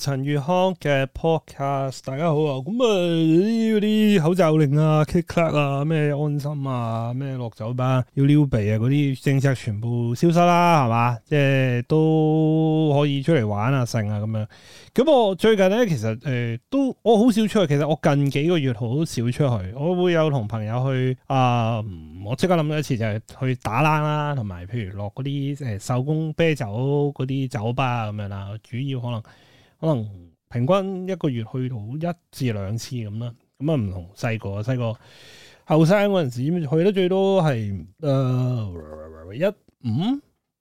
陳月康嘅 podcast，大家好啊！咁啊，啲啲口罩令啊、click clap 啊、咩安心啊、咩落酒吧要撩鼻啊嗰啲政策全部消失啦，係嘛？即係都可以出嚟玩啊、剩啊咁樣。咁我最近咧，其實誒、呃、都我好少出去。其實我近幾個月好少出去，我會有同朋友去、呃去啊，呃、啊，啊。我即刻諗到一次就係去打冷啦，同埋譬如落嗰啲誒手工啤酒嗰啲酒吧咁樣啦，主要可能。可能平均一個月去到一至兩次咁啦，咁啊，唔同細個，細個後生嗰陣時去得最多係誒一五、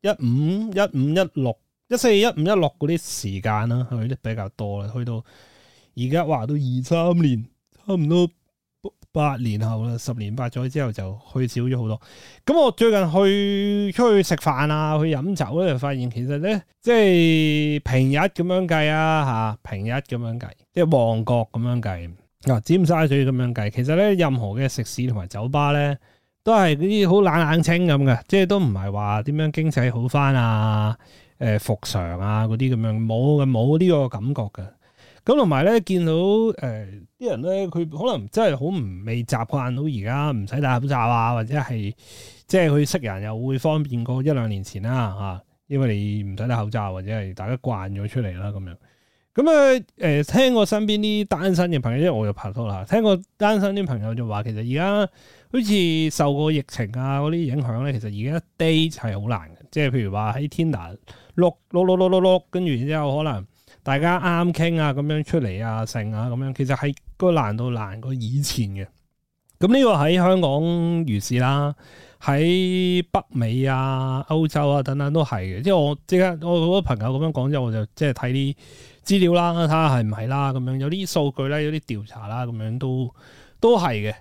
一五、一五、一六、一四、一五、一六嗰啲時間啦，去得比較多啦，去到而家話都二三年差唔多。八年後啦，十年八載之後就去少咗好多。咁我最近去出去食飯啊，去飲酒咧，就發現其實咧，即係平日咁樣計啊，嚇平日咁樣計，即係旺角咁樣計，啊尖沙咀咁樣計。其實咧，任何嘅食肆同埋酒吧咧，都係嗰啲好冷冷清咁嘅，即係都唔係話點樣經濟好返啊，誒復常啊嗰啲咁樣冇嘅，冇呢個感覺㗎。咁同埋咧，見到誒啲、呃、人咧，佢可能真係好唔未習慣到而家唔使戴口罩啊，或者係即係去識人又會方便過一兩年前啦、啊、嚇、啊，因為你唔使戴口罩或者係大家慣咗出嚟啦咁樣。咁啊誒、呃，聽過身邊啲單身嘅朋友，因為我又拍拖啦，聽過單身啲朋友就話，其實而家好似受個疫情啊嗰啲影響咧，其實而家 date 係好難嘅，即係譬如話喺 Tinder 碌碌碌碌碌碌，跟住然之後可能。大家啱啱傾啊，咁樣出嚟啊，成啊咁樣，其實係個難到難過以前嘅。咁呢個喺香港如是啦，喺北美啊、歐洲啊等等都係嘅。即係我即刻我好多朋友咁樣講之後，我就即係睇啲資料啦，睇下係唔係啦。咁樣有啲數據、啊啊啊、啦，有啲調查啦，咁樣都都係嘅。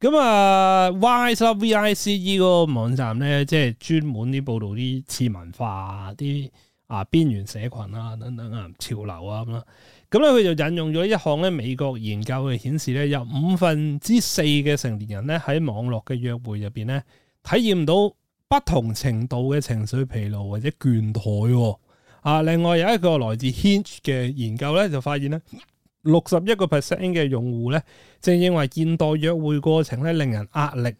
咁啊，YSL VICE 呢個網站咧，即係專門啲報導啲次文化啲、啊。啊，邊緣社群啊，等等啊，潮流啊咁啦，咁咧佢就引用咗一項咧美國研究嘅顯示咧，有五分之四嘅成年人咧喺網絡嘅約會入邊咧，體驗到不同程度嘅情緒疲勞或者倦怠喎。啊，另外有一個來自 Hinge 嘅研究咧，就發現咧，六十一個 percent 嘅用戶咧，正認為現代約會過程咧令人壓力。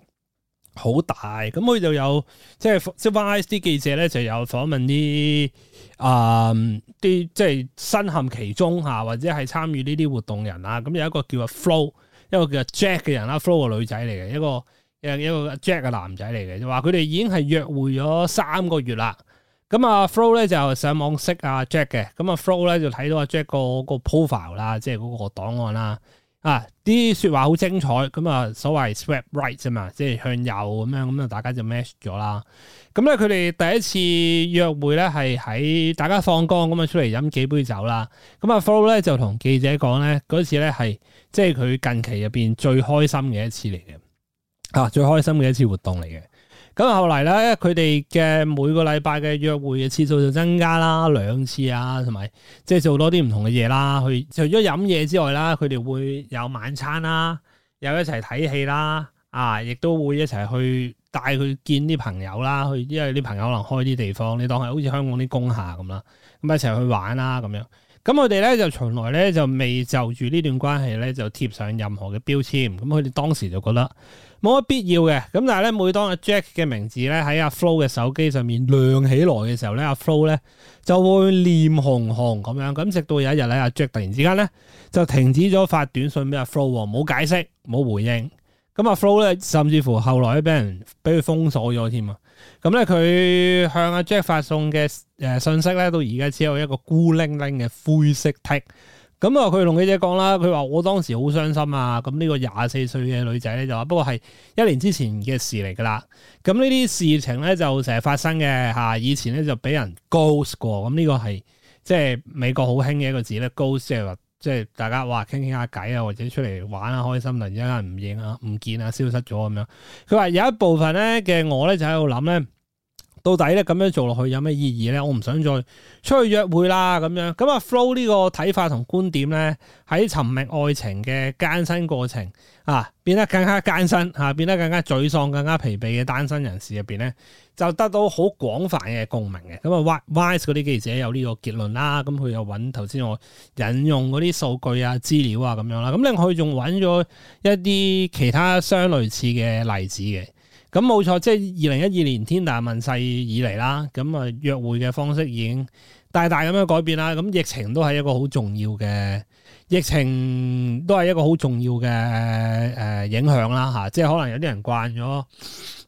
好大咁，佢就有即係即係 Y S 啲記者咧，就有訪問啲啊啲即係身陷其中嚇，或者係參與呢啲活動人啦。咁有一個叫阿 Flow，一個叫阿 Jack 嘅人啦，Flow 個女仔嚟嘅，一個誒一個 Jack 嘅男仔嚟嘅，就話佢哋已經係約會咗三個月啦。咁阿 Flow 咧就上網識阿 Jack 嘅，咁阿 Flow 咧就睇到阿 Jack 嗰個 profile 啦，即係嗰個檔案啦。啊！啲説話好精彩，咁啊所謂 swap right 啫嘛，即係向右咁樣，咁啊大家就 match 咗啦。咁咧佢哋第一次約會咧，係喺大家放工咁啊出嚟飲幾杯酒啦。咁啊 Flo 咧就同記者講咧，嗰次咧係即係佢近期入邊最開心嘅一次嚟嘅，啊最開心嘅一次活動嚟嘅。咁後嚟咧，佢哋嘅每個禮拜嘅約會嘅次數就增加啦，兩次啊，同埋即係做多啲唔同嘅嘢啦。佢除咗飲嘢之外啦，佢哋會有晚餐啦，又一齊睇戲啦，啊，亦都會一齊去帶佢見啲朋友啦。去因為啲朋友可能開啲地方，你當係好似香港啲工廈咁啦，咁一齊去玩啦咁樣。咁我哋咧就從來咧就未就住呢段關係咧就貼上任何嘅標籤，咁佢哋當時就覺得冇乜必要嘅，咁但係咧每當阿 Jack 嘅名字咧喺阿 Flow 嘅手機上面亮起來嘅時候咧，阿、啊、Flow 咧就會臉紅紅咁樣，咁直到有一日咧阿 Jack 突然之間咧就停止咗發短信俾阿 Flow，冇解釋，冇回應。咁啊，Flow 咧，甚至乎後來咧，俾人俾佢封鎖咗添啊！咁咧，佢向阿、啊、Jack 發送嘅誒、呃、信息咧，到而家只有一個孤零零嘅灰色 tick。咁啊，佢同記者講啦，佢話：我當時好傷心啊！咁呢個廿四歲嘅女仔咧，就話不過係一年之前嘅事嚟噶啦。咁呢啲事情咧，就成日發生嘅嚇、啊。以前咧就俾人 ghost 過。咁、啊、呢、啊這個係即係美國好興嘅一個字咧，ghost。即係大家話傾傾下偈啊，或者出嚟玩下開心啦，突然間有人唔應啊，唔見啊，消失咗咁樣。佢話有一部分咧嘅我咧就喺度諗咧。到底咧咁樣做落去有咩意義咧？我唔想再出去約會啦，咁樣咁啊！Flow 呢個睇法同觀點咧，喺尋覓愛情嘅艱辛過程啊，變得更加艱辛啊，變得更加沮喪、更加疲憊嘅單身人士入邊咧，就得到好廣泛嘅共鳴嘅。咁啊，Vice 嗰啲記者有呢個結論啦，咁佢又揾頭先我引用嗰啲數據啊、資料啊咁樣啦，咁另外佢仲揾咗一啲其他相類似嘅例子嘅。咁冇錯，即係二零一二年天大問世以嚟啦，咁啊約會嘅方式已經大大咁樣改變啦，咁疫情都係一個好重要嘅，疫情都係一個好重要嘅誒、呃、影響啦嚇，即係可能有啲人慣咗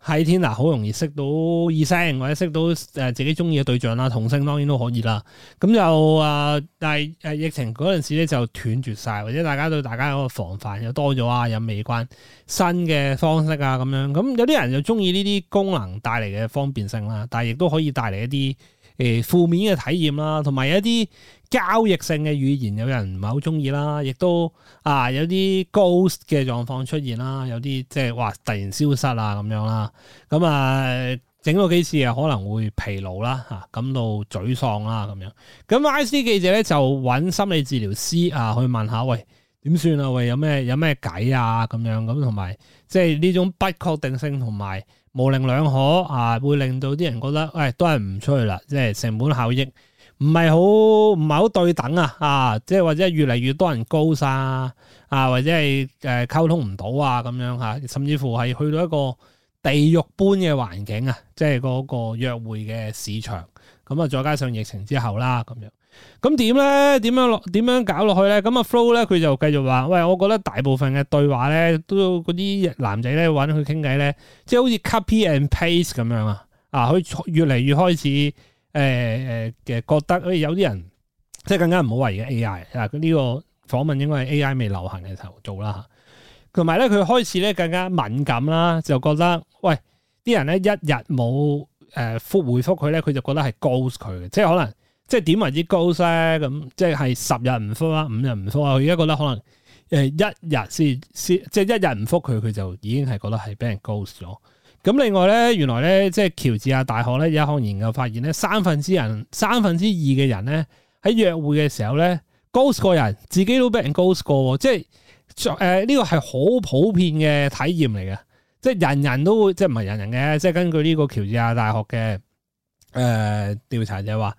喺天嗱好容易識到異性或者識到誒自己中意嘅對象啦，同性當然都可以啦。咁就啊，但係誒疫情嗰陣時咧就斷絕晒。或者大家對大家嗰個防範又多咗啊，又未慣新嘅方式啊咁樣。咁有啲人就中意呢啲功能帶嚟嘅方便性啦，但係亦都可以帶嚟一啲。誒、欸、負面嘅體驗啦，同埋有一啲交易性嘅語言有、啊，有人唔係好鍾意啦，亦都啊有啲 ghost 嘅狀況出現啦，有啲即係哇突然消失啊咁樣啦，咁啊整咗幾次啊可能會疲勞啦吓，感到沮喪啦咁樣，咁 IC 記者咧就揾心理治療師啊去問下喂點算啊，喂有咩有咩計啊咁樣，咁同埋即係呢種不確定性同埋。模棱兩可啊，會令到啲人覺得，喂、哎，都係唔出去啦，即係成本效益唔係好唔係好對等啊，啊，即係或者越嚟越多人高晒啊，或者係誒溝通唔到啊，咁樣吓、啊，甚至乎係去到一個地獄般嘅環境啊，即係嗰個約會嘅市場，咁、嗯、啊，再加上疫情之後啦，咁樣。咁點咧？點樣落？點樣搞落去咧？咁啊，Flow 咧，佢就繼續話：喂，我覺得大部分嘅對話咧，都嗰啲男仔咧，揾佢傾偈咧，即係好似 copy and paste 咁樣啊！啊，佢越嚟越開始誒誒嘅覺得，喂、呃，有啲人即係更加唔好圍嘅 AI 啊！呢個訪問應該係 AI 未流行嘅時候做啦吓。同埋咧，佢開始咧更加敏感啦，就覺得喂啲人咧一日冇誒復回復佢咧，佢就覺得係 ghost 佢嘅，即係可能。即係點為之 ghost 咧？咁即係十日唔復啦，五日唔復啊！我而家覺得可能誒一日先先，即係一日唔復佢，佢就已經係覺得係俾人 ghost 咗。咁另外咧，原來咧即係喬治亞大學咧有一項研究發現咧，三分之人，三分之二嘅人咧喺約會嘅時候咧 ghost、嗯、過人，自己都俾人 ghost 過，即係誒呢個係好普遍嘅體驗嚟嘅，即係人人都會，即係唔係人人嘅，即係根據呢個喬治亞大學嘅誒調查就係話。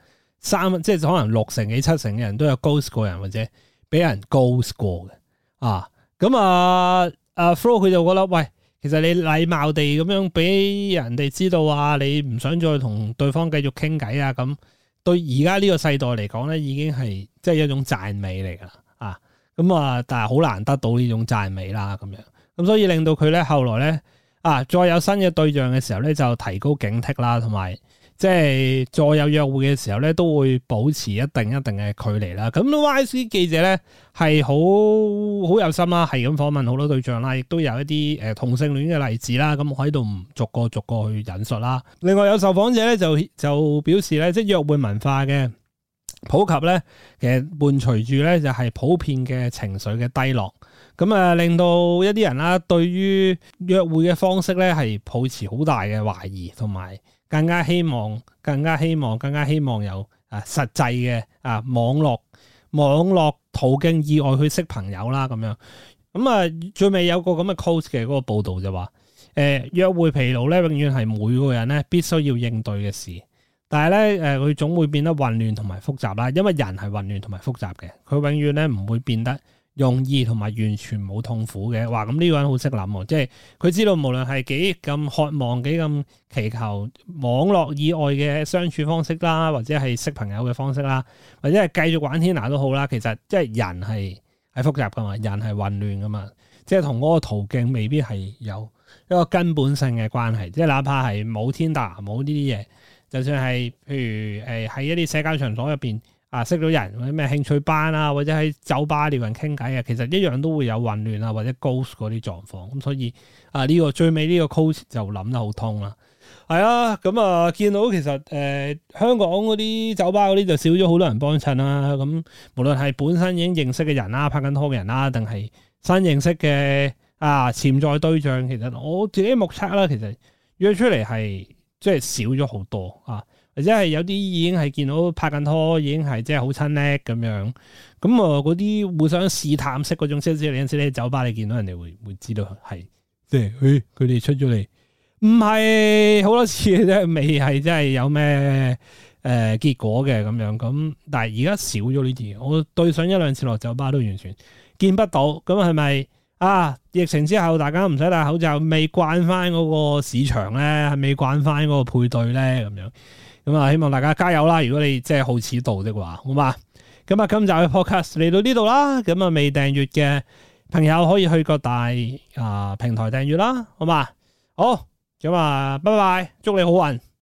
三即係可能六成幾七成嘅人都有 ghost 過人或者俾人 ghost 過嘅啊，咁啊，啊 Flo 佢就覺得喂，其實你禮貌地咁樣俾人哋知道啊，你唔想再同對方繼續傾偈啊咁，對而家呢個世代嚟講咧，已經係即係一種讚美嚟噶啦啊，咁啊，但係好難得到呢種讚美啦咁樣咁，啊、所以令到佢咧後來咧啊，再有新嘅對象嘅時候咧，就提高警惕啦，同埋。即係再有約會嘅時候咧，都會保持一定一定嘅距離啦。咁 Y C 記者咧係好好有心啦，係咁訪問好多對象啦，亦都有一啲誒、呃、同性戀嘅例子啦。咁我喺度逐個逐個去引述啦。另外有受訪者咧就就表示咧，即係約會文化嘅普及咧，其實伴隨住咧就係、是、普遍嘅情緒嘅低落。咁啊，令到一啲人啦、啊，對於約會嘅方式咧係抱持好大嘅懷疑同埋。更加希望，更加希望，更加希望有啊實際嘅啊網絡啊網絡途徑意外去識朋友啦，咁樣咁、嗯、啊，最尾有個咁嘅 post 嘅嗰個報道就話：誒、呃、約會疲勞咧，永遠係每個人咧必須要應對嘅事，但係咧誒佢總會變得混亂同埋複雜啦，因為人係混亂同埋複雜嘅，佢永遠咧唔會變得。用意同埋完全冇痛苦嘅，哇！咁呢個人好識諗喎，即係佢知道無論係幾咁渴望、幾咁祈求網絡以外嘅相處方式啦，或者係識朋友嘅方式啦，或者係繼續玩天拿都好啦。其實即係人係係複雜噶嘛，人係混亂噶嘛，即係同嗰個途徑未必係有一個根本性嘅關係。即係哪怕係冇天拿冇呢啲嘢，就算係譬如誒喺一啲社交場所入邊。啊，識到人或者咩興趣班啊，或者喺酒吧撩人傾偈啊，其實一樣都會有混亂啊，或者 ghost 嗰啲狀況咁、嗯，所以啊呢個最尾呢個 ghost 就諗得好通啦。係啊，咁、嗯嗯、啊見到其實誒、呃、香港嗰啲酒吧嗰啲就少咗好多人幫襯啦。咁、嗯、無論係本身已經認識嘅人啦、啊、拍緊拖嘅人啦、啊，定係新認識嘅啊潛在對象，其實我自己目測啦、啊，其實約出嚟係即係少咗好多啊。即係係有啲已經係見到拍緊拖，已經係即係好親昵咁樣。咁啊，嗰啲互相試探式嗰種消息，嗰陣時咧，酒吧你見到人哋會會知道係即係佢哋出咗嚟，唔係好多次都係未係真係有咩誒、呃、結果嘅咁樣。咁但係而家少咗呢啲，我對上一兩次落酒吧都完全見不到。咁係咪啊？疫情之後大家唔使戴口罩，未慣翻嗰個市場咧，係未慣翻嗰個配對咧咁樣。咁啊，希望大家加油啦！如果你真係好始道的話，好嘛？咁啊，今集嘅 podcast 嚟到呢度啦，咁啊，未訂閱嘅朋友可以去各大啊、呃、平台訂閱啦，好嘛？好，咁、嗯、啊，拜拜，祝你好運！